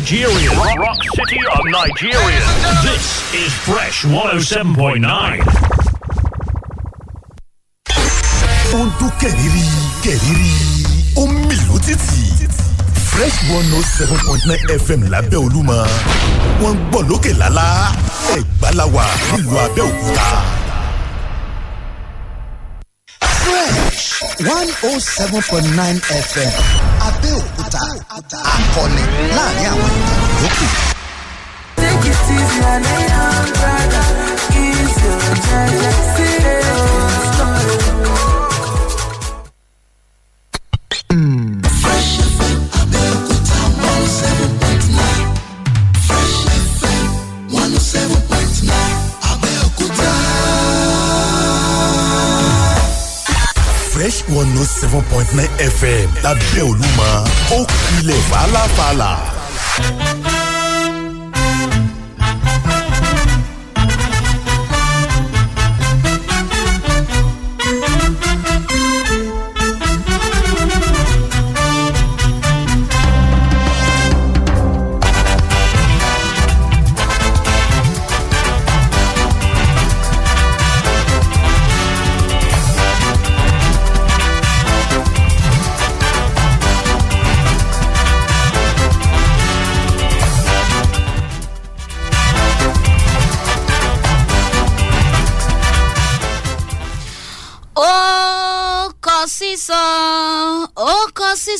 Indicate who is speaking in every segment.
Speaker 1: Nigeria. Rock, City of Nigeria. This is Fresh 107.9. ó ń dún kẹ̀rìírí kẹ̀rìírí ó fresh one oh seven point nine fm lábẹ́ olúmọ wọ́n ń gbọ́ lókè lálá ẹ̀gbá la wà nílùú fresh one oh seven point nine fm abẹ́òkúta àbẹ́òkúta akọni láàrin àwọn ìtàn yòókù. Take it easy, I need your brother. Easy, your see one note oh seven point nine FM lábẹ́ Olúmọ ó kulẹ̀ fàlàfàlà.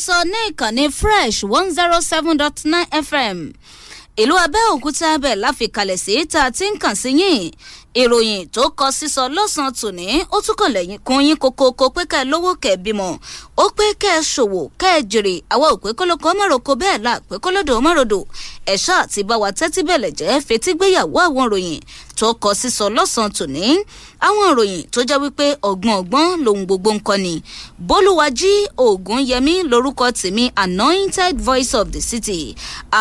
Speaker 2: sísọ ní ìkànnì fresh one zero oh seven dot nine fm ìlú abẹ́òkúta abẹ́ láfikalẹ̀ sí tá a ti ń kàn sí yìn ìròyìn tó kọ sísọ lọ́sàn-án tòní ó tún lẹ́yìn kún yín kókó kó pé ká lówó kẹ̀ bímọ ó pé kẹ́ ẹ ṣòwò kẹ́ ẹ jèrè àwa ò pé kólókó mọ̀rọ̀kọ bẹ́ẹ̀ la pé kólódò mọ̀rọ̀dò ẹ̀ṣá àti báwa tẹ́tí bẹ̀lẹ̀ jẹ́ fetígbéyàwó àwọn ìròyìn tó kọ sísọ lọ́sàn-án tòní àwọn ìròyìn tó jẹ́ wípé ọ̀gbọ́n ọ̀gbọ́n lòun gbogbo nǹkan ni bólúwájí ògúnyẹmí lórúkọ tèmi anointed voice of the city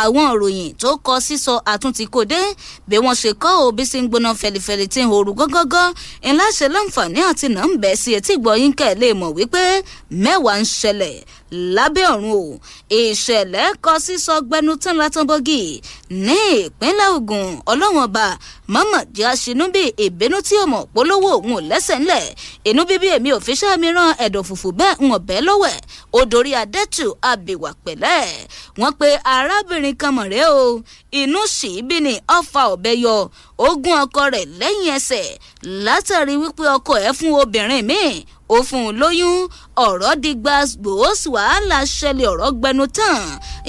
Speaker 2: àwọn ìròyìn tó kọ sísọ àtúntì kò dé bí wọ́n ṣe kọ́ òbí sí ń gbóná fẹlifẹli tí ń horú gọ́gọ́gọ́ ńlá ṣe láǹfààní àti nà ń bẹ̀ sí etí gbọ́yìn kẹ́ lè mọ̀ wípé mẹ́wàá wá ń ṣẹlẹ̀ lábẹ́ ọ̀run o ìṣẹ̀lẹ̀ kọ sísọ gbẹnután látọ́bọ́gì ní ìpínlẹ̀ Ògùn ọlọ́wọ́n ọba mọ́mọ́ jẹ́ aṣínú bí ìbínú tí o mọ̀ polówó òun ò lẹ́sẹ̀ ńlẹ̀ inú bíbí èmi ò fi ṣẹ́ mi rán ẹ̀dọ̀ fùfù bẹ́ẹ̀ ń ọ̀bẹ́ lọ́wẹ̀ odori adẹ́tù abìwà pẹ̀lẹ́ wọ́n pe arábìnrin kan mọ̀rẹ́ o inú sì bí ni ọfà ọ̀bẹ yọ ogún ọkọ rẹ̀ lẹ́yìn ẹsẹ̀ látàrí wípé ọkọ ẹ̀ fún obìnrin míì ó lóyún ọ̀rọ̀ di gbàgbó wàhálà ṣẹlẹ̀ ọ̀rọ̀ gbẹnu tán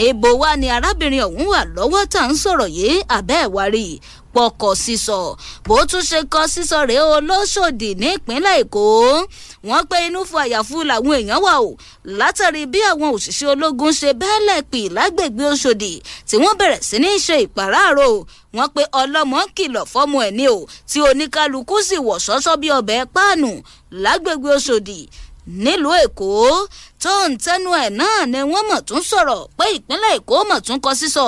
Speaker 2: ibo wa ni arábìnrin ọ̀hún wà lọ́wọ́ tá à ń sọ̀rọ̀ yìí àbẹ́ ẹ̀ wá rí pọkọ sísọ bó tún ṣe kọ sísọ rèé olóṣòdì nípínlẹ̀ èkó wọ́n pé inú fún àyàfu làwọn èèyàn wà o látàrí bí àwọn òṣìṣẹ́ ológun ṣe bẹ́ẹ̀lẹ̀ pì lágbègbè Ọ̀ṣọ́dì tí wọ́n bẹ̀rẹ̀ sí ní ṣe ìpàráàrò wọ́n pé ọlọ́mọ kìlọ̀ fọ́mọ ẹ̀ ní o tí oníkálukú sì wọ̀ ṣọ́ṣọ́ bí ọbẹ̀ páànù lágbègbè Ọ̀ṣọ́dì nílùú èkó tó ń tẹnu ẹ̀ náà ni wọ́n mọ̀ tún sọ̀rọ̀ pé ìpínlẹ̀ èkó mọ̀ tún kọ sísọ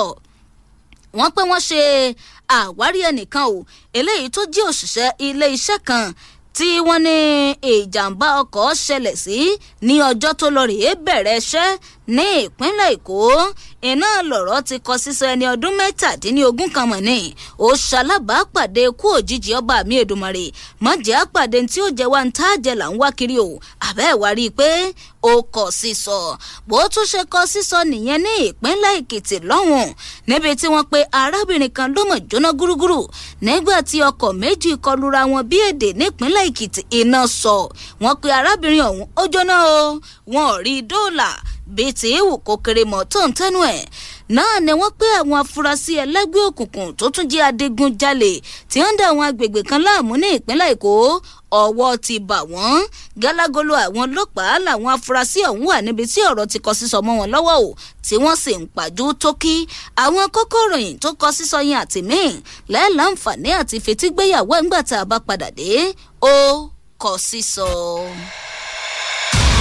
Speaker 2: wọ́n pé wọ́n ṣe àwárí ẹnìkan o eléyìí tó jẹ́ òṣìṣẹ́ ilé iṣẹ́ kan tí wọ́n ní ìjàmbá ọkọ̀ ṣẹlẹ̀ sí ní ọjọ́ tó lọ rèé bẹ̀rẹ̀ iṣẹ́ ní ìpínlẹ̀ èkó iná lọ̀rọ̀ ti kọ sísọ ẹni ọdún mẹ́tàdínlógún kan mọ̀ ní ó ṣalábàápàdé ikú òjijì ọba mi èdùmàrè mọ̀jẹ̀ àpàdé tí ó jẹ́ wa ń tá àjẹ là ń wá kiri o àbẹ́ ẹ̀ wá rí i pé ó kọ sísọ bó tún ṣe kọ sísọ nìyẹn ní ìpínlẹ̀ èkìtì lọ́hùn níbi tí wọ́n pe arábìnrin kan ló mọ̀ jóná gúrúgúrú nígbà tí ọkọ̀ méjì kọlura wọn bí èdè nípínlẹ̀ èkìtì iná sọ wọ́n pe arábìnrin ọ̀hún ó jóná o wọn ò rí dóòlà bíi ti ìwù kò kéré mọ́ tó ń tẹ́nu ẹ̀ náà ni wọ́n pé àwọn afurasí ẹlẹ́gbẹ́ òkùnkùn tó tún jẹ́ adigunjalè tí ó ń da àwọn agbègbè kan láàmú ní ìpínlẹ̀ èkó ọwọ́ ti bà wọ́n gálágolo àwọn ọlọ́pàá làwọn afurasí ọ̀hún wà níbi tí ọ̀rọ̀ ti kọ sísọ mọ́ wọn lọ́wọ́ o tí wọ́n sì ń pàjù tókí àwọn kókó ìròyìn tó kọ sísọ yẹn àti míì lẹ́ẹ̀láǹfààní àti fetígbéyàwó ẹ̀ńgbà tá a bá padà dé ó kọ sísọ.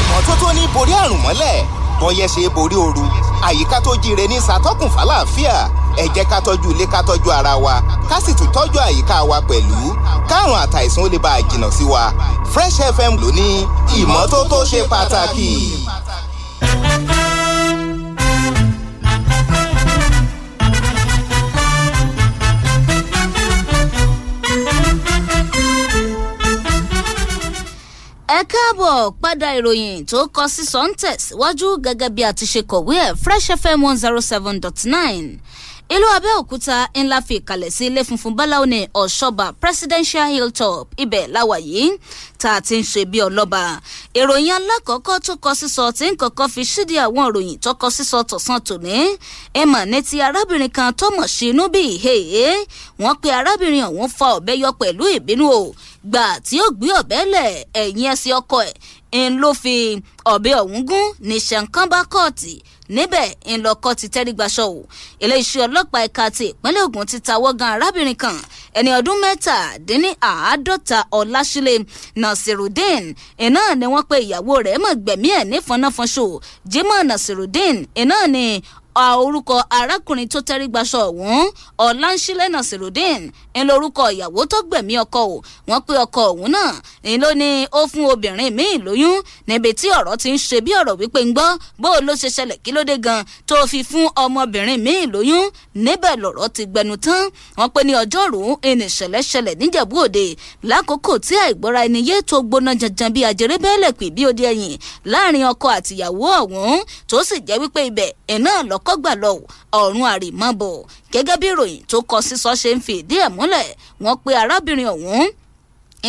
Speaker 2: ìmọ́tótó ní borí àrùn mọ́lẹ̀ bọ́yẹ́ borí ooru àyíká tó jíire ní ṣàtọ́kùn
Speaker 1: fàlàáfíà ẹ jẹ́ ká tọ́jú ilé ká tọ́jú ara wa ká sì tún tọ́jú àyíká wa pẹ̀lú káàrùn àtàìsàn ó lè bá a jìnnà sí wa Fresh FM ló ní ìmọ́tótó ṣe pàtàkì.
Speaker 2: ẹ káàbọ̀ padà ìròyìn tó kọ sí sọ́ńtẹ̀ síwájú gẹ́gẹ́ bí a ti ṣe kọ̀wé ẹ̀ fresh fm one zero oh seven dot nine ìlú abẹ́òkúta ńlá fi ìkàlẹ̀ sí ilé funfun báláwo ní ọ̀ṣọ́ba presidential hilltop ibẹ̀ láwà yìí tá a ti ń ṣe bí ọlọ́ba ìròyìn alákọ̀ọ́kọ́ tó kọ sísọ tí ń kọ́kọ́ fi ṣídìí àwọn ìròyìn tó kọ sísọ tọ̀sán tòní emma ní ti arábìnrin kan tọmọ̀ sí inú bíi ìhèèhè wọ́n pe arábìnrin ọ̀hún fa ọ̀bẹ gbà tí ó gbé ọ̀bẹ lẹ̀ ẹ̀yìn ẹsẹ̀ ọkọ ẹ̀ ń ló fi ọ̀bẹ ọ̀hún gún ní ṣàǹkànbá kọ́ọ̀tì níbẹ̀ ń lọ́kọ́ ti tẹ́rígbaṣọ́ o iléeṣẹ́ ọlọ́pàá ẹ̀ka ti ìpínlẹ̀ Ògùn ti tawọ́ gan arábìnrin kan ẹni ọdún mẹ́tàdínníàádọ́ta ọ̀làṣílẹ̀ Nasirudeen iná ni wọ́n pe ìyàwó rẹ̀ mọ̀ ẹ̀ ní fọnáfọnṣó Jimoh Nasirudeen iná ni orúkọ arákùnrin tó tẹrí gbaṣọ ọ̀hún ọ̀làǹṣílẹ̀ nasirudeen ń lo orúkọ ìyàwó tó gbẹ̀mí ọkọ ò wọ́n pé ọkọ ọ̀hún náà ń ló ní ó fún obìnrin míì lóyún níbi tí ọ̀rọ̀ ti ń ṣe bí ọ̀rọ̀ wípé ń gbọ́ bó ló ṣe ṣẹlẹ̀ kí ló dé gan tó fi fún ọmọbìnrin míì lóyún níbẹ̀ lọ̀rọ̀ ti gbẹnu tán wọ́n pé ní ọjọ́rú ìnìṣẹ̀lẹ̀ ṣẹlẹ̀ níjẹ̀bú òde lákòókò tí àìgbọ́ra ẹni yé tó gbóná janjan bí ajere bẹ́ẹ̀lẹ̀ pì bí ó di ẹ̀yìn láàrin ọkọ àtìyàwó ọ̀hún tó sì jẹ́ wípé ibẹ̀ ẹ̀ náà lọ kọ́gbà lọ ọ̀run àrèmabọ̀ gẹ́gẹ́ bí ìròyìn tó kọ sísọ ṣe ń fi ìdí ẹ̀ múlẹ̀ wọ́n pe arábìnrin ọ̀hún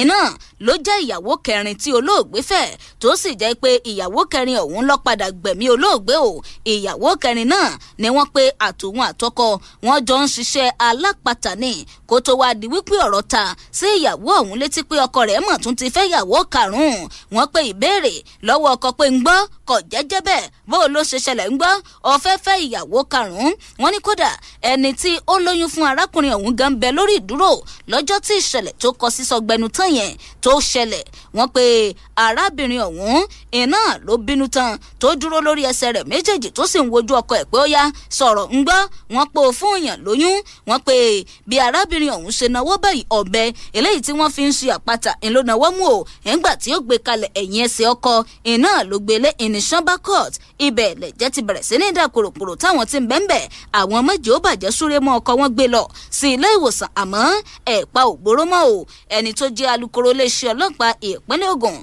Speaker 2: iná ló jẹ́ ìyàwó kẹrin tí olóògbé fẹ́ tó sì jẹ́ pé ìyàwó kẹrin ọ̀hún ló padà gbẹ̀mí olóògbé o ìyàwó kẹrin náà ni wọ́n pe àtòun àtọkọ wọn jọ ń ṣiṣẹ́ alápatà ni kó tó wá di wípé ọ̀rọ̀ ta sí ìyàwó ọ̀hún létí pé ọkọ rẹ̀ mọ̀ tún ti fẹ́ ìyàwó karùn-ún wọ́n pe ìbéèrè lọ́wọ́ ọkọ pé ń gbọ́ kò jẹ́jẹ́ bẹ́ẹ̀ bó ló ṣe ṣẹlẹ̀ ń gbọ́ ọ̀fẹ́ fẹ́ ìyàwó karùn-ún wọ́n ní kódà ẹni tí ó lóyún fún arákùnrin ọ̀hún gan bẹ lórí ìdúró lọ́jọ́ tí ìṣẹ̀lẹ̀ tó kọ sísọ gbẹnu tán yẹn tó tó ṣẹlẹ̀ wọ́n pe arábìnrin ọ̀hún iná ló bínú tán tó dúró lórí ẹsẹ̀ rẹ̀ méjèèjì tó sì ń wojú ọkọ ẹ̀ pé ó yá sọ̀rọ̀ ń gbọ́ wọ́n pò fún èèyàn lóyún wọ́n pe bí arábìnrin ọ̀hún ṣe náwó báyìí ọ̀bẹ eléyìí tí wọ́n fi ń ṣe àpáta ìlónàwọ́ mú o ẹ̀ńgbà tí ó gbé kalẹ̀ ẹ̀yìn ẹsẹ̀ ọkọ iná ló gbélé ìníṣánbá court ibẹ̀ lẹ̀jẹ̀ ti bẹ̀rẹ̀ sí ní dà táwọn ti ń àwọn méjì ó bàjẹ́ súré mọ́ ọkọ wọn gbé lọ sí ilé iléeṣẹ́ ọlọ́pàá ìpínlẹ̀ Ògùn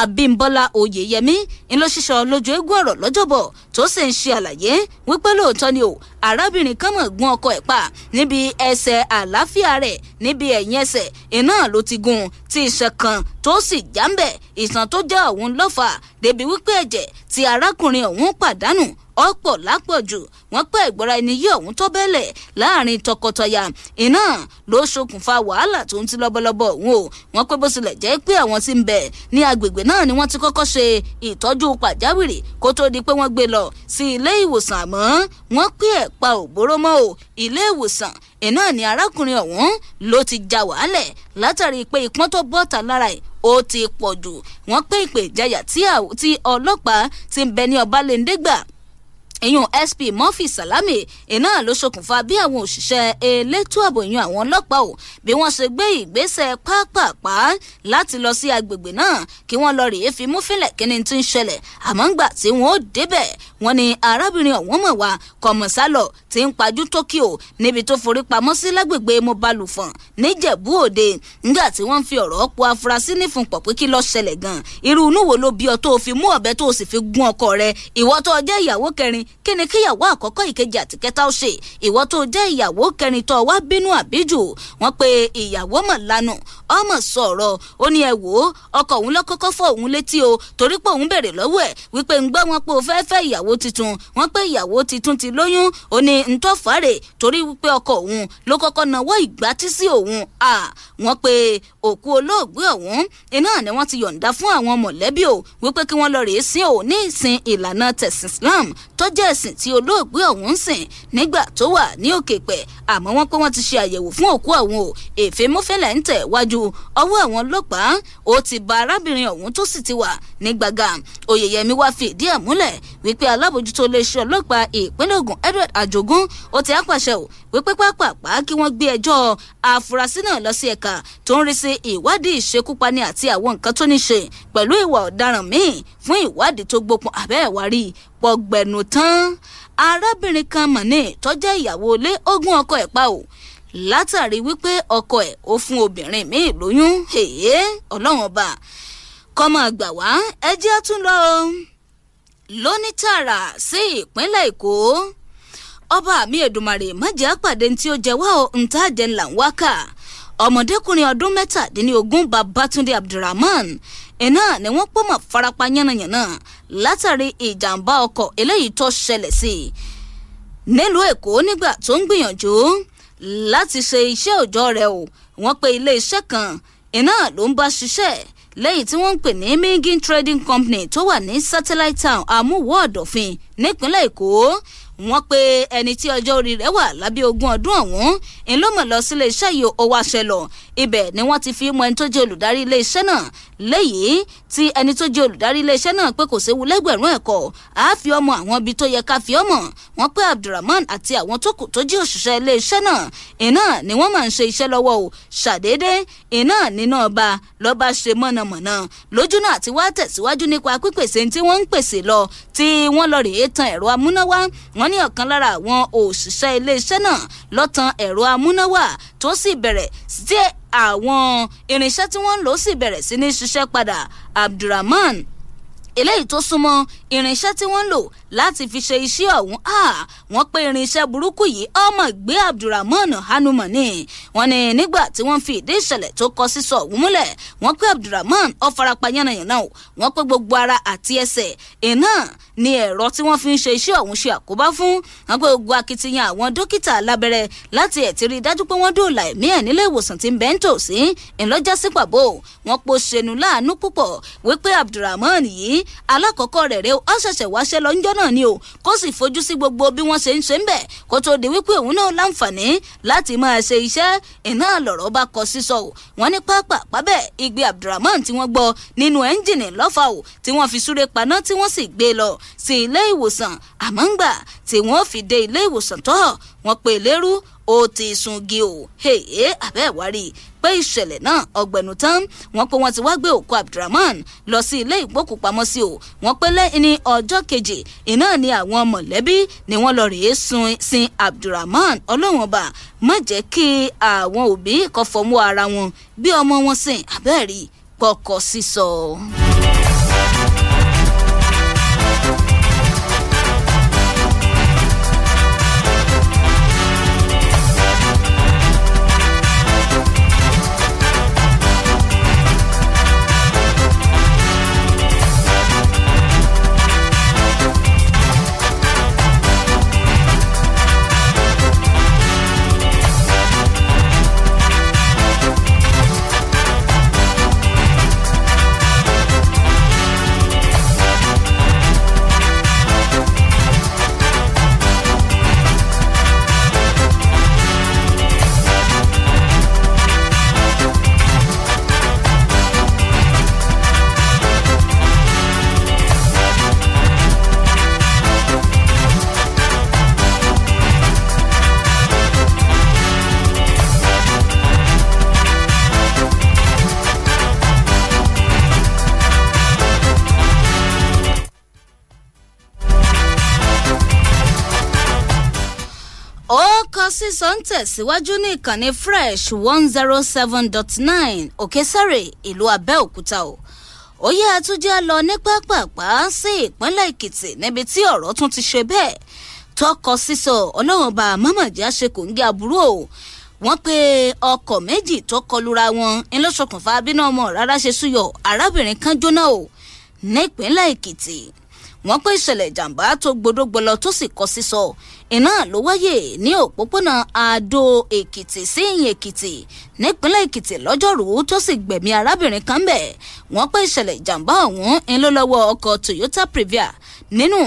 Speaker 2: Abímbọ́lá Oyèyẹmí ńlọ sísọ lójú eégún ọ̀rọ̀ lọ́jọ́bọ̀ tó sì ń ṣe àlàyé wípé lóòótọ́ ni o arábìnrin kan mọ̀ gún ọkọ ẹ̀ pa níbi ẹsẹ̀ àlàáfíà rẹ̀ níbi ẹ̀yìn ẹsẹ̀ iná ló ti gún tí iṣan kan tó sì já ń bẹ̀ ìṣàn tó jẹ́ òun lọ́fà débi wípé ẹ̀jẹ̀ tí arákùnrin ọ̀hún pàdánù ọ̀pọ̀ lápọ̀jù wọ́n pẹ́ ìgbọ́ra ẹni yí ọ̀hún tó bẹ́lẹ̀ láàrin tọkọtaya iná ló ṣokùnfà wàhálà tó ń ti lọ́bọ̀lọ́bọ̀ òun o wọ́n pé bó tilẹ̀ jẹ́ pé àwọn tí ń bẹ ní agbègbè náà ni wọ́n ti kọ́kọ́ ṣe ìtọ́jú pàjáwìrì kó tó di pé wọ́n gbé lọ sí ilé ìwòsàn àmọ́ wọ́n pé ẹ̀ pa òbóró mọ́ o ilé ìwòsàn iná ni arákùnrin ọ̀hún ló ti já wàhálẹ̀ látàrí pé ìpọ́n tó bọ́ta lára ẹ̀ ó ti pọ̀ jù wọ́n pé ìpè ìjayà tí ọlọ́pàá ti ń bẹ ní ọbalẹ̀ndẹ́gbà ìyún sp murphy salami iná ló ṣokùnfà bí àwọn òṣìṣẹ́ elétò ààbò ìyún àwọn ọlọ́pàá ò bí wọ́n ṣe gbé ìgbésẹ̀ pápápá láti lọ sí agbègbè náà kí wọ́n lọ rèé fi mú fílẹ̀ kí ni ti ń ṣẹlẹ̀ àmọ́ ńgbà tí wọ́n ó débẹ̀ wọ́n ní arábìnrin ọ̀wọ́n mọ̀ wá kọ̀mọ̀sálọ̀ ti ń pajú tókìó níbi tó forí pamọ́ sí lágbègbè mobalufọ̀n níjẹ̀bú òde nígbà tí wọ́n fi ọ̀rọ̀ po afurasí nífun pọ̀ pé kí ló ṣẹlẹ̀ gan irú inú wo ló bí ọ tó fi mú ọ̀bẹ tó sì fi gún ọkọ rẹ ìwọ tó jẹ́ ìyàwó kẹrin kí ni kíyàwó àkọ́kọ́ ìkejì àti kẹta ó ṣe ìwọ tó jẹ́ ìyàwó kẹrin tó wá bínú àbíjù wọ́n pe ìyàwó mọ̀ lanu ọmọ sọ̀rọ̀ ó ní ẹ wò ó ọkọ òun ló kọ́kọ́ fọ òun létí o torí pé òun bèrè lọ́wọ́ ẹ̀ wípé ń gbọ́ wọn pé o fẹ́ẹ́ fẹ́ ìyàwó tuntun wọ́n pé ìyàwó tuntun ti lóyún ó ní ntọ́fàárẹ̀ torí wípé ọkọ òun ló kọ́kọ́ nawọ́ ìgbátí sí òun à wọ́n pe òkú olóògbé ọ̀hún iná ni wọ́n ti yọ̀ǹda fún àwọn mọ̀lẹ́bí o wípé kí wọ́n lọ rèé sí òun ní ìsìn ìlànà tẹ̀sìn Islam tó jẹ́ ẹ̀sìn tí olóògbé ọ̀hún ń sìn nígbà tó wà ní òkè pẹ̀ àmọ́ wọ́n pé wọ́n ti ṣe àyẹ̀wò fún òkú ọ̀hún o èfé mọ́fẹ́lẹ̀ ń tẹ̀ wájú ọwọ́ àwọn ọlọ́pàá ó ti ba arábìnrin ọ̀hún tó sì ti wà ní gbàgà Oyèyẹmí wá fìdí ẹ̀ múlẹ̀ wípé alábòjútó iléeṣẹ́ ọlọ́pàá ìpínlẹ̀ Ògùn Edward Ajogun ó ti á pàṣẹ ò wípé pápápá kí wọ́n gbé ẹjọ́ àfúrásì náà lọ sí ẹ̀ka tó ń rí sí ìwádìí ìṣekúpani àti àwọn nǹkan tó ní ṣe pẹ̀lú ìwà ọ̀daràn míì fún ìwádìí tó gbópọn àbẹ́ẹ̀wárí pọ̀gbẹ̀nù tán arábìnrin kan mọ̀nì tó jẹ́ ìyàwó ilé ogún ọkọ ẹ̀ pa ò látàrí wípé ọkọ ẹ̀ ó fún obìnrin míì lóyún ọlọ́run ọba kọ́mọ àgbà wá ẹ jẹ́ tún lọ lóní tààrà sí ìpínlẹ̀ èkó ọba mi èdùmàrè májèá pàdé tí ó jẹ wá o ntá ńlá ń wákà ọmọdékùnrin ọdún mẹ́tàdínlógún babatunde abdulrahman iná ni wọ́n pọ̀ mọ́ farapa yánnayànna látàrí ìjàmbá ọkọ̀ eléyìí tó ṣẹlẹ̀ sí i nílùú èkó nígbà tó ń gbìyànjú láti ṣe iṣẹ́ òòjọ́ rẹ̀ o wọ́n pe iléeṣẹ́ kan iná ló ń bá ṣiṣẹ́ lẹ́yìn tí wọ́n ń pè ní mingin trading company tó wà ní satellite town àmúwò ọ̀dọ̀fin nípínlẹ̀ èkó wọ́n pe ẹni tí ọjọ́ orí rẹ̀ wà lábẹ́ ogún ọdún ọ̀hún ńlọmọ lọ sí iléeṣẹ́ yìí ó wá ṣẹlọ ibẹ̀ ni wọ́n ti fi mọ ẹni tó jẹ́ olùdarí iléeṣẹ́ náà léyìí tí ẹni tó jẹ́ olùdarí iléeṣẹ́ náà pé kò séwu lẹ́gbẹ̀rún ẹ̀kọ́ àáfi ọmọ àwọn ibi tó yẹ ká fi ọmọ wọ́n pé Abdulrahman àti àwọn tó kù tó jẹ́ òṣìṣẹ́ iléeṣẹ́ náà iná ni wọ́n máa ń ṣe iṣẹ́ lọ́wọ́ o ṣàdédé iná níná ọba lọ́ba ṣe mọ̀nàmọ̀nà lójú àti wá tẹ̀síwájú nípa pípèsè tí wọ́n ń pèsè lọ tí wọ́n lọ rèé tan ẹ̀rọ amúnáwá wọ́n wọ́n ní ọ̀kan lára àwọn òṣìṣẹ́ iléeṣẹ́ náà ló ẹ̀rọ amúnáwá tó sì bẹ̀rẹ̀ sí àwọn irinṣẹ́ tí wọ́n ń lò sì bẹ̀rẹ̀ sí ní ṣiṣẹ́ padà Abdulrahman eléyìí tó súnmọ́ irinṣẹ́ tí wọ́n ń lò láti fi ṣe iṣẹ́ ọ̀hún wọ́n pé irinṣẹ́ burúkú yìí ọmọ ìgbé abdulrahman hanuman ni wọ́n ní nígbà tí wọ́n fi ìdí ìṣẹ̀lẹ̀ tó kọ sísọ ọ̀hún múlẹ̀ wọ́n pé abdulrahman ó yánnayànna o wọ́n pé gbogbo ara àti ẹsẹ̀ iná ni ẹ̀rọ tí wọ́n fi ń ṣe iṣẹ́ ọ̀hún ṣe àkóbá fún wọ́n pé gbogbo akitiyan àwọn dókítà alábẹ́rẹ́ láti ẹ̀ ti rí i dájú pé wọ́n dóòlà ẹ̀mí ẹ̀ nílé ìwòsàn tí ń bẹ́ ń tò sí ńlọ́jà wọ́n po ṣenu láàánú púpọ̀ wípé abdulrahman yìí alákọ̀ọ́kọ́ rẹ̀ rẹ́ ó ṣẹ̀ṣẹ̀ wáṣẹ́ lọ ńjọ́ náà ni o kó sì fojú sí gbogbo bí wọ́n ṣe ń ṣe ń bẹ̀ kó tó di wípé òun náà láǹfààní láti máa ṣe iṣẹ́ iná lọ̀rọ̀ bá kọ sísọ o wọ́n ní pápá pábẹ́ igbe Abdulrahman tí wọ́n gbọ́ nínú ẹ́ńjìnì lọ́fà o tí wọ́n fi súré paná tí wọ́n sì gbé e lọ sí ilé ìwòsàn àmọ́ tí wọ́n fi dé ilé ìwòsàn tọ́ wọ́n pè lérú ó ti sungi o hey, abẹ́ pé ìṣẹ̀lẹ̀ náà ọgbẹ̀nù tán wọ́n pé wọ́n ti wá gbé òkú abdulrahman lọ sí ilé ìgbókùpamọ́sí o wọ́n pé lẹ́yìn ní ọjọ́ kejì iná ni àwọn mọ̀lẹ́bí ni wọ́n lọ rèé sun sin abdulrahman ọlọ́wọ́n ọba má jẹ́ kí àwọn òbí kọ́ fọmú ara wọn bí ọmọ wọn sìn abẹ́ẹ̀rí pọkọ sísọ. So. tó ń tẹ̀síwájú ní ìkànnì fresh one zero oh seven dot nine òkèsèrè ìlú abẹ́òkúta o ó yẹ àtúnjẹ lọ ní pápápá sí ìpínlẹ̀ èkìtì níbi tí ọ̀rọ̀ tún ti ṣe bẹ́ẹ̀ tọkọ sísọ ọlọ́run bá mọ́mọ́dé àṣekùnge àbúrò o wọ́n pe ọkọ̀ méjì tó kọlura wọn ńlọ́sọkùnfà bínú ọmọ rárá ṣe súyọ arábìnrin kan jóná o nípínlẹ̀ èkìtì wọ́n pe ìṣẹ̀lẹ̀ ìjàmbá tó gbodógbọlọ tó sì kọ sísọ iná ló wáyé ní òpópónà Àdó Èkìtì sí ìyìn Èkìtì nípínlẹ̀ Èkìtì lọ́jọ́rùú tó sì gbẹ̀mí arábìnrin kan bẹ̀ wọ́n pé ìṣẹ̀lẹ̀ ìjàmbá ọ̀hún ń lọ lọ́wọ́ ọkọ̀ Toyota Previa nínú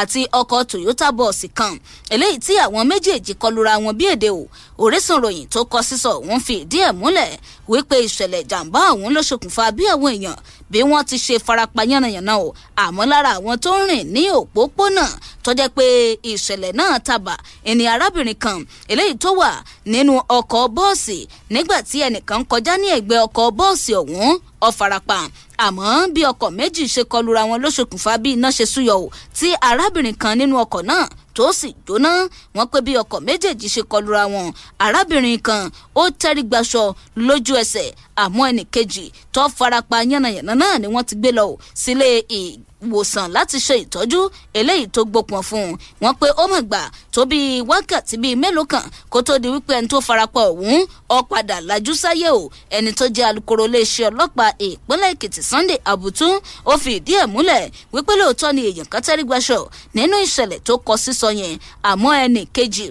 Speaker 2: àti ọkọ̀ Toyota bọ́ọ̀sì kan eléyìí tí àwọn méjèèjì kọlura wọn bí èdè o orísun ròyìn tó kọ sísọ òun fi ìdí ẹ̀ múlẹ̀ wípé ìṣẹ̀lẹ̀ ìjàmbá ọ̀hún ló ṣokùnfà bí àwọn èèyàn bí wọ́n ti ṣe farapa yánnayànna o àmọ́ lára àwọn tó ń rìn ní òpópónà tó pé ìṣẹ̀lẹ̀ náà taba ẹni arábìnrin kan eléyìí tó wà nínú ọkọ̀ bọ́ọ̀sì nígbà tí ẹnìkan kọjá ní ẹ̀gbẹ́ ọkọ̀ bọ́ọ̀sì ọ̀hún ó farapa àmọ́ bí ọkọ̀ méjì ṣe kọlura wọn ló ṣokùnfà bí iná ṣe súyọ ò tí arábìnrin kan nínú ọkọ̀ náà tó sì jóná wọn pé bí ọkọ̀ méjèèjì ṣe kọlura wọn arábìnrin kan ó tẹrí gbaṣọ lójú ẹsẹ̀ àmọ́ ẹnìkejì tó farapa yánnayànna náà ni wọ́n ti gbé lọ sílé ìgbà ìwòsàn láti ṣe ìtọ́jú eléyìí tó gbópọn fún un wọ́n pé ó mọ̀ gbà tó bíi wákàtí bíi mélòó kan kó tó di wípé ẹni tó farapa ọ̀hún ó padà lajú sáyé o ẹni tó jẹ́ alukoro iléeṣẹ́ ọlọ́pàá ìpínlẹ̀ èkìtì sunday abutu ó fi ìdí ẹ̀ múlẹ̀ wípé lóòótọ́ ni èèyàn kan tẹ́rí gbaṣọ nínú ìṣẹ̀lẹ̀ tó kọ sísọ yẹn àmọ́ ẹnì kejì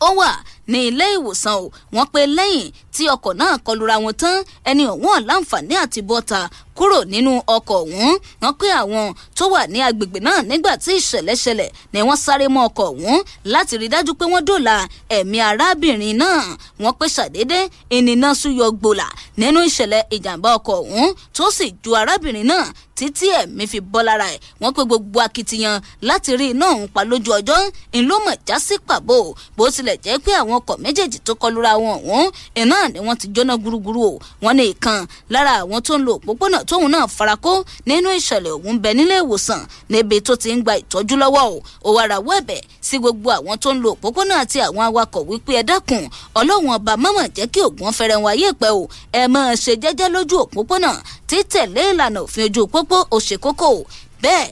Speaker 2: ó wà ní ilé ìwòsàn o wọ́n pé lẹ́yìn tí ọkọ̀ náà kọlura wọn tán ẹni ọ̀wọ́n láǹfààní àti bọ́ta kúrò nínú ọkọ̀ ọ̀hún wọ́n pé àwọn tó wà ní agbègbè náà nígbà tí ìṣẹ̀lẹ̀ ṣẹlẹ̀ ni wọ́n sáré mọ́ ọkọ̀ ọ̀hún láti rí dájú pé wọ́n dòla ẹ̀mí arábìnrin náà wọ́n pé ṣàdédé ìnìna súyọ gbòlà nínú ìṣẹ̀lẹ̀ ìjàmbá ọkọ̀ ọ̀hún tó sì ju arábìnrin náà títí ẹ̀mí fi bọ́ lára ẹ̀ wọ́n pé gbogbo akitiyan láti rí iná òun pa lójú ọjọ́ ń ló mọ̀ já sí pàbó bó tilẹ̀ jẹ́ pé àwọn ọkọ̀ méjèèjì tó kọlura wọn ọ̀hún iná ni wọ́n ti jóná gúrúgúrú o wọ́n ní ìkan lára àwọn tó ń lo òpópónà tóun náà farakó nínú ìṣẹ̀lẹ̀ òun bẹ nílé ìwòsàn níbi tó ti ń gba ìtọ́jú lọ́wọ́ o ò wàrà wẹ̀bẹ̀ sí gbogbo àwọn tó ń lo òpópónà àti àwọn awakọ̀ wípé ẹ dákun ọlọ́run ọba mọ́mọ̀ jẹ́ kí ògùn fẹ́rẹ̀ wọn ayé pẹ́ o ẹ máa ṣe jẹ́jẹ́ lójú òpópónà títẹ̀lé ìlànà òfin ojú òpópónà pópó ó ṣe kókó bẹ́ẹ̀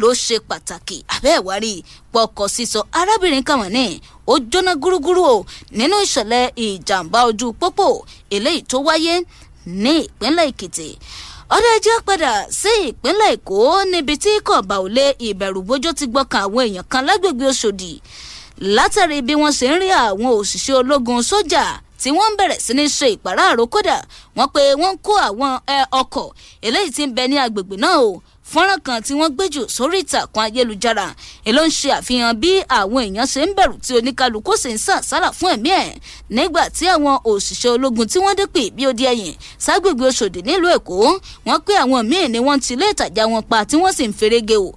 Speaker 2: ló ṣe pàtàkì abẹ́ ìwárí pọkọ sísọ arábìnrin Kàwọ́nì ó jóná gúrúgúrú o nínú ìṣẹ̀lẹ̀ ìjàmbá ojú pópó eléyìí tó wáyé ní ìpínlẹ̀ Èkìtì ọ̀dẹ́jẹ́ padà sí ìpínlẹ̀ Èkó níbi tí kọ̀ọ̀bà ò lé ìbẹ̀rùbojo ti gbọ́kàn àwọn èèyàn kan lágbègbè Ọ̀ṣọ́dì látàrí bí wọ́n ṣe ń rí àwọn òṣìṣẹ́ ológun sójà tí wọ́n ń bẹ̀rẹ̀ sí ní ṣe ìpàráàrò kódà wọ́n pé wọ́n kó àwọn ọkọ̀ eléyìí tí ń bẹ ní agbègbè náà o fọ́nrán kan tí wọ́n gbé jù sórí ìtàkùn ayélujára èló ń ṣe àfihàn bí àwọn èèyàn ṣe ń bẹ̀rù tí oníkálukú sì ń sàn sálà fún ẹ̀mí ẹ̀ nígbà tí àwọn òṣìṣẹ́ ológun tí wọ́n dépè bí ó di ẹ̀yìn ságbègbè Ọ̀ṣọ́dì nílùú Èkó wọ́n pé àwọn míì ni wọ́n ti ilé ìtajà wọn pa tí wọ́n sì ń ferege o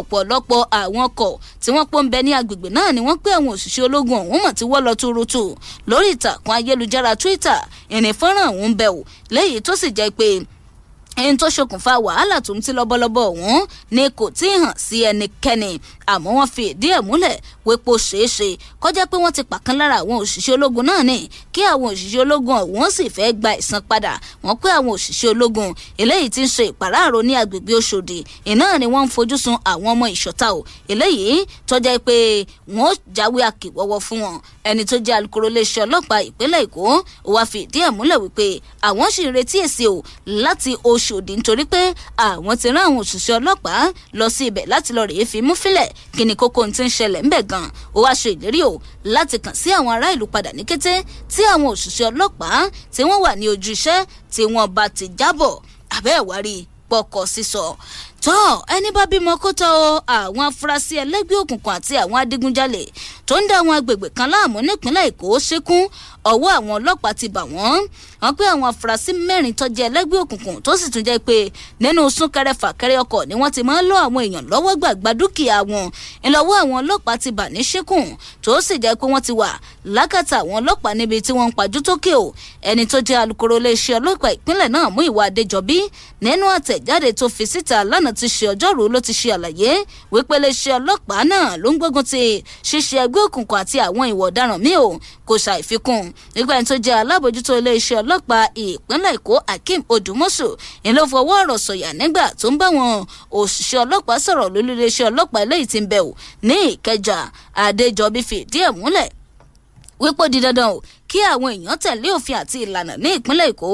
Speaker 2: ọ̀pọ̀lọpọ̀ àwọn ọkọ̀ tí wọ́n pọ̀ ń bẹ ní agbègbè náà ni wọ́n pé àwọn òṣìṣẹ́ ológun ọ̀hún mọ̀ tí wọ́n lọ túrútù lórí ìtàkùn ayélujára Twitter ìrìn fọ́nrán ọ̀hún bẹ̀ o léyìí tó sì jẹ́ pé ẹni tó ṣokùnfà wàhálà tó ń ti lọ́bọ̀lọ́bọ̀ ọ̀hún ni kò tí ì hàn sí ẹnikẹ́ni àmọ́ wọ́n fi ìdí ẹ̀ múlẹ̀ wípé ó ṣeé ṣe kọjá pé wọ́n ti pàkan lára àwọn òṣìṣẹ́ ológun náà ni kí àwọn òṣìṣẹ́ ológun ọ̀hún sì fẹ́ gba ìsan padà wọ́n pé àwọn òṣìṣẹ́ ológun eléyìí ti ń ṣe ìpàráàrò ní agbègbè Ọ̀ṣọ́dì iná ni wọ́n ń fojú sun àwọn ọmọ ìṣọ̀tá o eléyìí tọ́já pé wọ́n ó jáwé àkèwọ́wọ́ fún wọn ẹni tó jẹ́ alukoro iléeṣẹ́ ọlọ́pàá ìpínlẹ̀ Èkó wàá fi ìdí ẹ̀ múlẹ̀ wípé àwọn sì ń retí èsì o láti Ọ̀ṣọ́dì nítorí pé àwọn ti rán àwọn òṣìṣẹ́ ọlọ́pàá lọ sí ibẹ̀ láti lọ rèé fi mú fílẹ̀ kí ni kókó ohun tí ń ṣẹlẹ̀ ńbẹ̀ gan ó wá ṣe ìlérí o láti kàn sí àwọn ará ìlú padà ní kété tí àwọn òṣìṣẹ́ ọlọ́pàá tí wọ́n wà ní ojú iṣẹ́ tí wọ́n bá ti jábọ̀ àbẹ́ pọkọ sísọ tọ́ ẹni bá bímọ kó tọ́ o àwọn afurasí ẹlẹ́gbẹ́ òkùnkùn àti àwọn adigunjalè tó ń dá àwọn agbègbè kan láàmú nípínlẹ̀ èkó ṣekún ọwọ́ àwọn ọlọ́pàá ti bà wọ́n wọ́n pé àwọn afurasí mẹ́rin tó jẹ́ ẹlẹ́gbẹ́ òkùnkùn tó sì tún jẹ́ pé nínú súnkẹrẹ fàkẹrẹ ọkọ̀ ni wọ́n ti máa ń lọ àwọn èèyàn lọ́wọ́ gbàgbà dúkìá wọn ìlọ́wọ́ àwọn ọlọ́pàá ti bà ní ṣíkùn tó sì jẹ́ pé wọ́n ti wà lákàtà àwọn ọlọ́pàá níbi tí wọ́n ń pajú tókè o ẹni tó jẹ́ alukoro iléeṣẹ́ ọlọ́pàá ìpínlẹ̀ náà mú ìwà adéjọbí nínú àtẹ̀jáde tó fi síta lánàá ti ṣe ọjọ́rùú ló ti ṣe àlàyé wípé iléeṣẹ́ ọlọ́pàá náà ló ń gbógun ti ṣíṣe ẹgbẹ́ òkùnkùn àti àwọn ìwà ọ̀daràn míì o kò ṣàìfikún nígbà tó jẹ́ alábòjútó iléeṣẹ́ ọl ọlọ́pàá ìpínlẹ̀ èkó akeem odùmọ̀sù ni ló fọwọ́ ọ̀rọ̀ sọ̀yà nígbà tó ń bá wọn òṣìṣẹ́ ọlọ́pàá sọ̀rọ̀ lórí iléeṣẹ́ ọlọ́pàá eléyìí ti ń bẹ̀ wò ní ìkẹjà adéjọbí fìdí ẹ̀ múlẹ̀ wípé di dandan o kí àwọn èèyàn tẹ̀lé òfin àti ìlànà ní ìpínlẹ̀ Èkó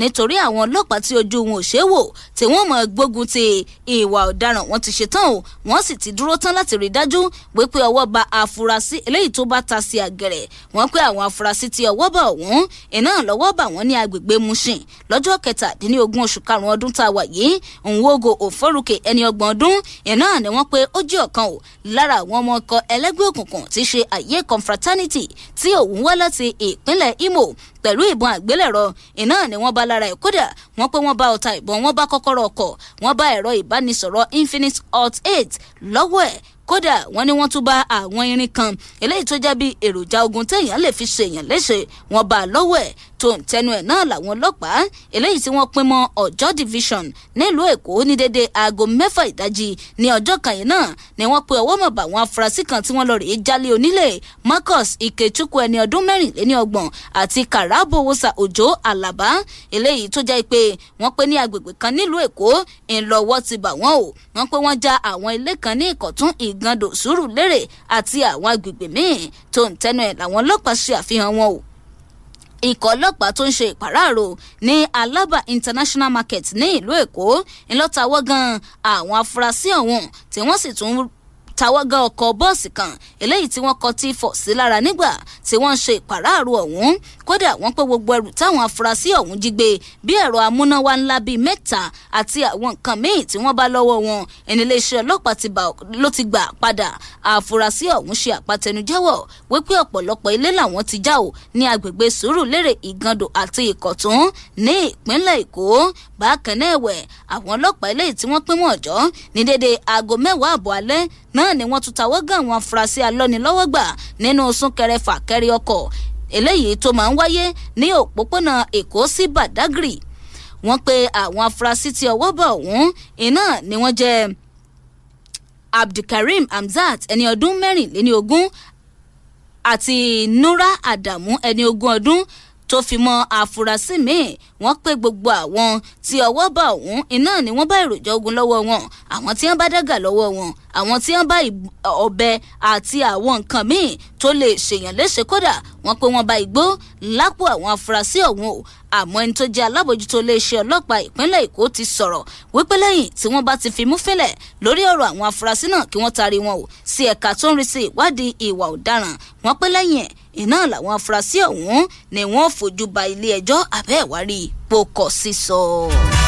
Speaker 2: nítorí àwọn ọlọ́pàá tí ojú wọn ò ṣe wò tí wọ́n mọ̀ gbógun ti ìwà ọ̀daràn wọn ti ṣetán o wọ́n sì ti dúró tán láti rí dájú wípé ọwọ́ ba afurasí eléyìí tó bá ta sí àgẹ̀rẹ̀ wọ́n pé àwọn afurasí tí ọwọ́ bá ọ̀hún iná lọ́wọ́ bá wọn ní agbègbè Mushin lọ́jọ́ kẹtàdínlógún ìpínlẹ̀ Imo pẹ̀lú ìbọn àgbélẹ̀rọ iná ni wọ́n bá lára ẹ̀ kódà wọ́n pé wọ́n bá ọta ìbọn wọ́n bá kọ́kọ́rọ́ ọkọ̀ wọ́n bá ẹ̀rọ ìbánisọ̀rọ̀ Infinix Hot 8 lọ́wọ́ ẹ̀ kódà wọ́n ní wọ́n tún bá àwọn irin kan eléyìí tó jẹ́ bí èròjà ogun téèyàn lè fi ṣèyàn léṣe wọ́n bá a lọ́wọ́ ẹ̀ tó ń tẹnu ẹ̀ náà làwọn ọlọ́pàá eléyìí tí wọ́n pín mọ́ ọjọ́ division nílùú èkó ní dédé aago mẹ́fà ìdajì ní ọjọ́ kan yìí náà ni wọ́n pe ọwọ́ mọ̀bà àwọn afurasí kan tí wọ́n lọ rèé jálé onílé Marcus Ikechukwu ẹni ọdún mẹ́rìnléní ọgbọ̀n àti Karabo Wosa Ojo Alaba eléyìí tó jẹ́ pé wọ́n pé ní agbègbè kan nílùú èkó ńlọ́wọ́ ti bà wọ́n o wọ́n pé wọ́n já àwọn ilé kan ní ìkọ̀tún ìgandò Sùúrùlérè àti àwọn agbègbè míì tó ń tẹnu ẹ̀ làwọn ọlọ́pàá ṣe àfihàn wọn o ikọ̀ ọlọ́pàá tó ń ṣe ìpàráàrò ní Alaba International Market ní ìlú Èkó ńlọ́tàwọ́ gan àwọn afurasí ọ̀hún tí wọ́n sì tún tàwọ́gá ọkọ̀ bọ́ọ̀sì kan eléyìí tí wọ́n kọ tí fọ̀ sí lára nígbà tí wọ́n ń ṣe ìpàráàrọ̀ ọ̀hún kódà wọ́n pé gbogbo ẹrù táwọn afurasí ọ̀hún jí gbé bí ẹ̀rọ amúnáwá ńlá bíi mẹ́ta àti àwọn nǹkan míì tí wọ́n bá lọ́wọ́ wọn ẹni iléeṣẹ́ ọlọ́pàá ló ti gbà padà afurasí ọ̀hún ṣe àpatẹnujẹ́wọ̀ wípé ọ̀pọ̀lọpọ̀ ilé làwọn ti já o ní agbègbè sùúrùlérè ìgàndò àti ìkọ̀tún ní ìpínlẹ̀ èkó bákan náà ẹ̀wẹ̀ àwọn ọlọ́pàá eléyìí tí wọ́n pín wọn jọ ní déédéé aago mẹ́wàá àbọ̀ alẹ́ náà ni wọ́n tún tawọ́ gan àwọn afurasí alọ́nilọ́wọ́gbà nínú súnkẹrẹ fàkẹrẹ ọkọ̀ eléyìí tó máa ń wáyé ní òpópónà èkó sí badagry wọ́n pe àwọn afurasí tí ọwọ́ bá ọ̀hún iná ni wọ́n jẹ́ abdulkareem hamzat ẹni ọdún mẹ́rìnléní àti nura adamu ẹni ogún ọdún tó fi mọ àfúrásì míì wọ́n pé gbogbo àwọn tí ọwọ́ bá ọ̀hún iná ni wọ́n bá èròjà ogun lọ́wọ́ wọn àwọn tí wọ́n bá dàgà lọ́wọ́ wọn àwọn tí wọ́n bá ọ̀bẹ àti àwọn nǹkan míì tó lè ṣèyàn léṣe kódà wọ́n pé wọ́n bá igbó lápò àwọn afurasí ọ̀hún o àmọ́ ẹni tó jẹ́ alábòjútó iléeṣẹ́ ọlọ́pàá ìpínlẹ̀ èkó ti sọ̀rọ̀ wípé lẹ́yìn tí wọ́n bá ti fimú fínlẹ̀ lórí ọ̀rọ̀ àwọn afurasí náà kí wọ́n taari wọn o sí ẹ̀ka tó ń rí sí ìwádìí ìwà ọ̀daràn wọ́n pé lẹ́yìn ẹ̀ iná làwọn afurasí ọ̀hún ni wọ́n fojú ba ilé ẹjọ́ àbẹ́ẹ̀wárí pokọ̀ sísọ. So.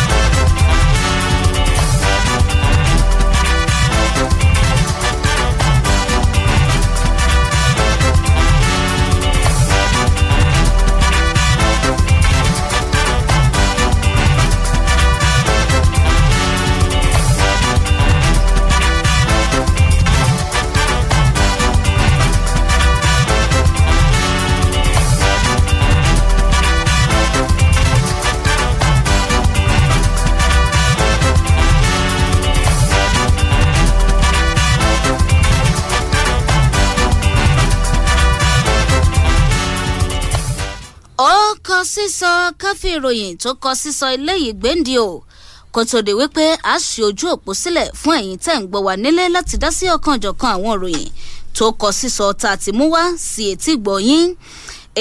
Speaker 2: kọ sísọ káfí ìròyìn tó kọ sísọ eléyìí gbéǹdì o kò tó di wípé a ṣe ojú òpó sílẹ̀ fún ẹ̀yin tẹ́ ń gbọ́ wá nílé láti dá sí ọ̀kanjọ̀kan àwọn ìròyìn tó kọ sísọ tá a ti mú wá sí etí gbọ̀yìn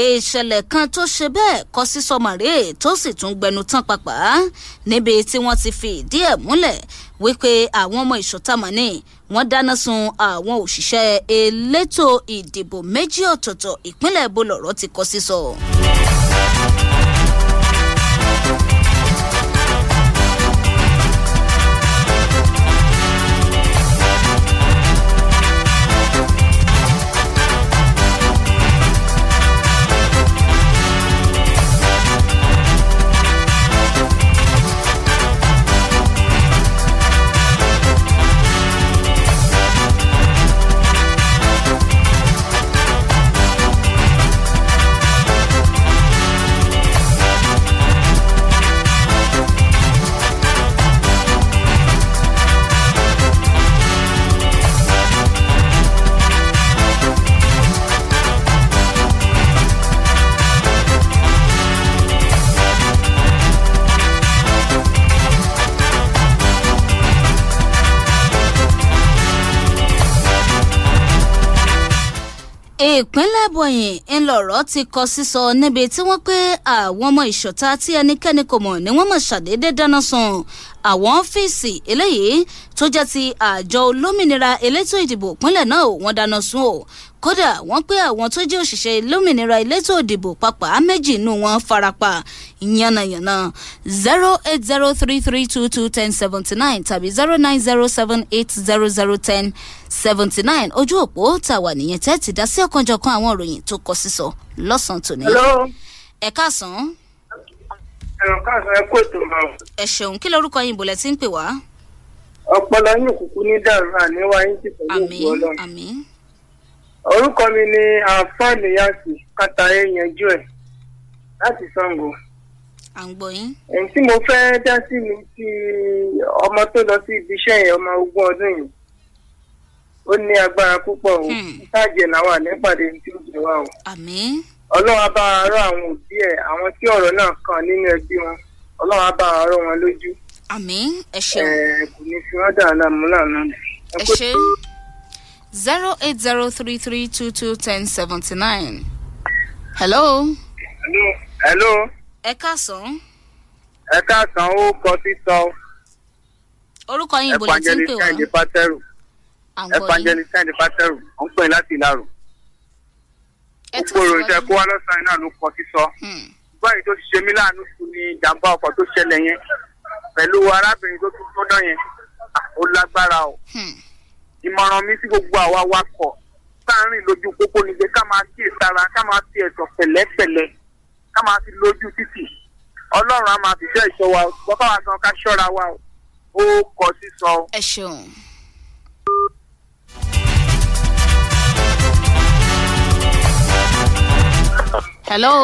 Speaker 2: ìṣẹ̀lẹ̀ kan tó ṣe bẹ́ẹ̀ kọ sísọ màrè tó sì tún gbẹnu tán papà níbi tí wọ́n ti fi ìdí ẹ̀ múlẹ̀ wípé àwọn ọmọ ìṣọ̀tàmọ́ni wọ́n dáná sun àwọn òṣìṣẹ́ elétò ìdìbò méjì ọ̀tọ̀ọ̀tọ̀ ìpínlẹ̀ èbó lọ̀rọ̀ ti kọ sísọ. wọ̀nyí ń lọ̀rọ̀ ti kọ sísọ níbi tí wọ́n pé àwọn ọmọ ìṣọ̀ta tí ẹnikẹ́ni kò mọ̀ ni wọ́n mọ̀ ṣàdédé dáná sun àwọn ọ́fíìsì eléyìí tó jẹ́ ti àjọ olómìnira elétò ìdìbò ìpínlẹ̀ náà wọ́n dáná sun o kódà wọ́n pé àwọn tó jẹ́ òṣìṣẹ́ lómìnira elétò ìdìbò pàápàá méjì nù wọ́n farapa yánnayànna zero eight zero three three two two ten seventy nine tàbí zero nine zero seven eight zero zero ten seventy nine ojú òpó tàwa nìyẹn tẹ́ ti dá sí ọ̀kanjọ̀kan àwọn ìròyìn tó kọ sísọ lọ́sàn-án tòní. ẹ káàsán. ẹ̀rọ káàsán ẹ kó ètò mọ́. ẹ ṣeun kí lorúkọ yín bọ̀lẹ̀ tí ń pè wá.
Speaker 1: ọpọlọ yín kúkú ní dàrú àníwá yín ti pẹ̀lú
Speaker 2: òkú
Speaker 1: orúkọ mi ni àfáàní yasi kátàyé yanjú ẹ láti sango.
Speaker 2: à ń
Speaker 1: tí mo fẹ́ dá sí mi ti ọmọ tó lọ sí ibi iṣẹ́ yẹn ọmọ ogún ọdún yìí ó ní agbára púpọ̀ o hmm. ìtajẹ̀ làwọn ànípàdé tí ó jẹ wá o. àmín. ọlọ́wà bá arọ àwọn òbí ẹ̀ àwọn tí ọ̀rọ̀ náà kàn nínú ẹbí wọn ọlọ́wà
Speaker 2: bá arọ wọn lójú. àmín ẹ ṣeun. ẹ kò ní fi wọn dà láàmú láàánú. ẹ ṣe. 08033221079. hello. hello. ẹ káàsán. ẹ
Speaker 1: káàsán ó kọ sísọ.
Speaker 2: orúkọ yín ìbòlẹ̀ tí ń pè wá. evangelist pátẹ́rù. evangelist
Speaker 1: pátẹ́rù ó ń pè láti ìlarò.
Speaker 2: ó gbòòrò iṣẹ́
Speaker 1: kó wá lọ́sàn-án náà ló kọ sísọ. Hmm. báyìí tó ṣe mí láàánú sí ni ìjàmbá ọkọ̀ tó ṣẹlẹ̀ yẹn pẹ̀lú arábìnrin tó tún tọ́dọ̀ yẹn ó lágbára o. Hmm ìmọ̀ràn mi sí gbogbo àwa wakọ̀ tá à ń rìn lójú pópó ni pé ká máa kíyè sára ká máa fi ẹ̀sọ̀ pẹ̀lẹ́pẹ̀lẹ́ ká máa fi lójú títì ọlọ́run á máa fìṣẹ́ ìṣọ́ wa bọ́kà wa san ká ṣọ́ra wa ó kọ sísọ. ẹ ṣeun.
Speaker 2: hello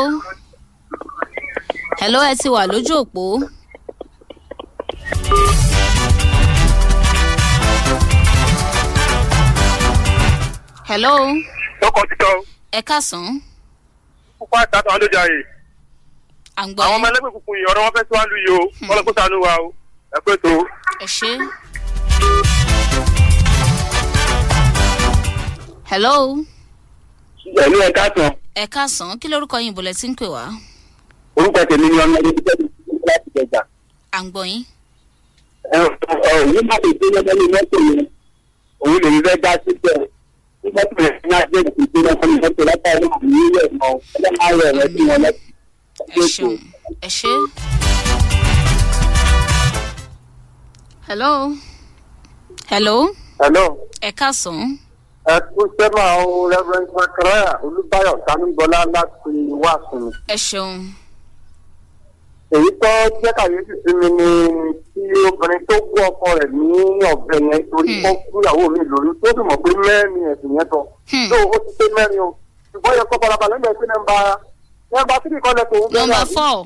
Speaker 2: hello ẹ ti wà lójú òpó. hello. lọkọ títọ. ẹ káàsán.
Speaker 1: kókó àtàtà wọn ló jà yìí. à ń gbọ́ yín. àwọn ọmọ ẹlẹ́gbẹ̀ẹ́ kúkú yìí ọ̀rọ̀ wọn fẹ́ síwájú yìí o hmm. ọlọ́pàá sànú wa o ẹ pé tó. ẹ ṣe. hello. ẹ̀mí ẹ káàsán.
Speaker 2: ẹ káàsán kí lorúkọ yín ìbọ̀lẹ̀ tí ń pè wá.
Speaker 1: orúkọ tèmi ni ọmọ ẹni tó láti jẹjà. à ń gbọ́ yín. ẹ ẹ nígbà tí bẹ̀rẹ̀ ní ajé ìdìbò tó lọ́kọ́ ní ọ̀tọ̀ látàrí ìwúlẹ̀ náà ọjọ́ ayọ̀ rẹ̀ tí wọ́n lọ́kọ́. ẹ
Speaker 2: hello hello. hello. ẹ káàsán.
Speaker 1: ẹ kú sẹ́mà o reverend makaraya olúbáyọ̀ sanúbọlá láti wá sùn. ẹ ṣeun èyí tó jẹ́ kàyéfì sí mi ni tí obìnrin tó gún ọkọ rẹ̀ ní ọ̀bẹ yẹn torí hmm. kó kúyàwó mi lórí tó sì mọ̀ pé mẹ́rin ẹ̀sìn yẹn tán tó hmm. o ti pé mẹ́rin o ṣùgbọ́n yẹ kó balabalẹ̀ ń bẹ̀ sí nọ́mbà nọ́mbà tí nìkan lẹ tòun bẹ́ẹ̀ nọ́mbà fọ́.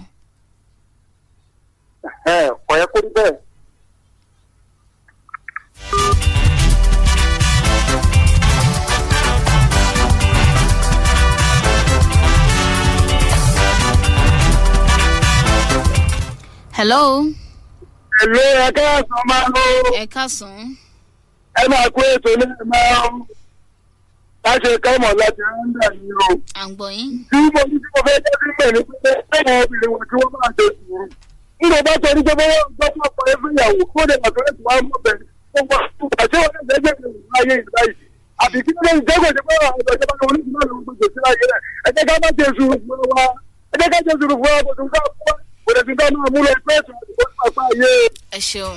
Speaker 1: ẹ kọ̀ yẹ rí bẹ́ẹ̀. hello. hello ẹ káàsán máa ń lo. ẹ káàsán. ẹ máa kó ètò náà máa ń láṣẹ kámọ̀ láti rẹ́ńdà yìí o. à ń gbọ́ yín. tí mo ní tí mo fẹ́ jẹ́ sí pẹ̀lú pé bẹ́ẹ̀ obìnrin wọn kí wọ́n máa ṣe sùúrù. nígbà bá sọ nígbà bá wọ́n gbọ́ fún ọkọ̀ ẹgbẹ́ ìyàwó kó lè bàtọ́ láti wá mọ̀ bẹ̀rẹ̀ ó wà túbà tí wọ́n lè gbẹ̀gbẹ̀ láyé ìgbà yìí. àbí kí ló ń jẹ́gbẹ̀ tó bá àwọn ọ̀dọ́ ìjọba oníṣẹ́ náà ló ń gbèsè sí láyé rẹ̀ ẹ jẹ́ ká má ṣe sùúrù fún wa ẹ jẹ́ ká ṣe sùúrù fún wa kò pẹ̀lẹ́sìtẹ́ náà mú lọ pé ètò
Speaker 2: ìdìbò ọ̀pá yé. ẹ ṣeun.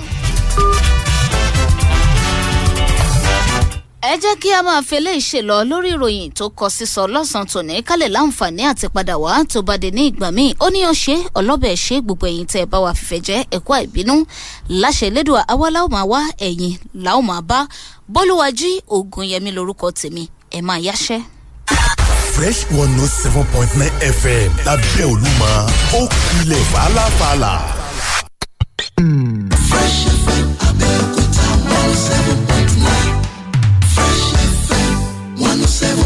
Speaker 2: ẹ jẹ́ kí a máa fele ìṣèlọ lórí ìròyìn tó kọ sísọ lọ́sàn-án tòní kálẹ̀ láǹfààní àti padà wá tó bá dé ní ìgbà míì ó ní ọṣẹ ọlọ́bẹ̀ ṣe gbogbo ẹ̀yìn tẹ́ ẹ bá wa fìfẹ́ jẹ́ ẹ̀kọ́ àìbínú láṣẹ elédùà àwa láwọn máa wá ẹ̀yìn láwọn máa bá bọ́lúwájí ògùnyẹmí lórúkọ tèmi ẹ̀ máa yáṣẹ́
Speaker 1: fresh one note oh seven point nine fm lábẹ́ olúmọ ó kulẹ̀ fàlàfàlà. fresh fm abẹ́òkúta fresh fm one seven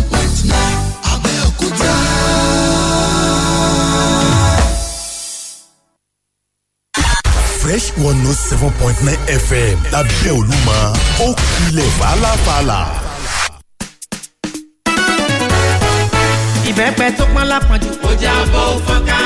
Speaker 1: fresh oh one note seven point nine fm oh lábẹ́ olúmọ ó kulẹ̀ fàlàfàlà. ìbẹ́pẹ tó pọ́n lápọ̀jù. ó jábọ́ ó fọ́nká.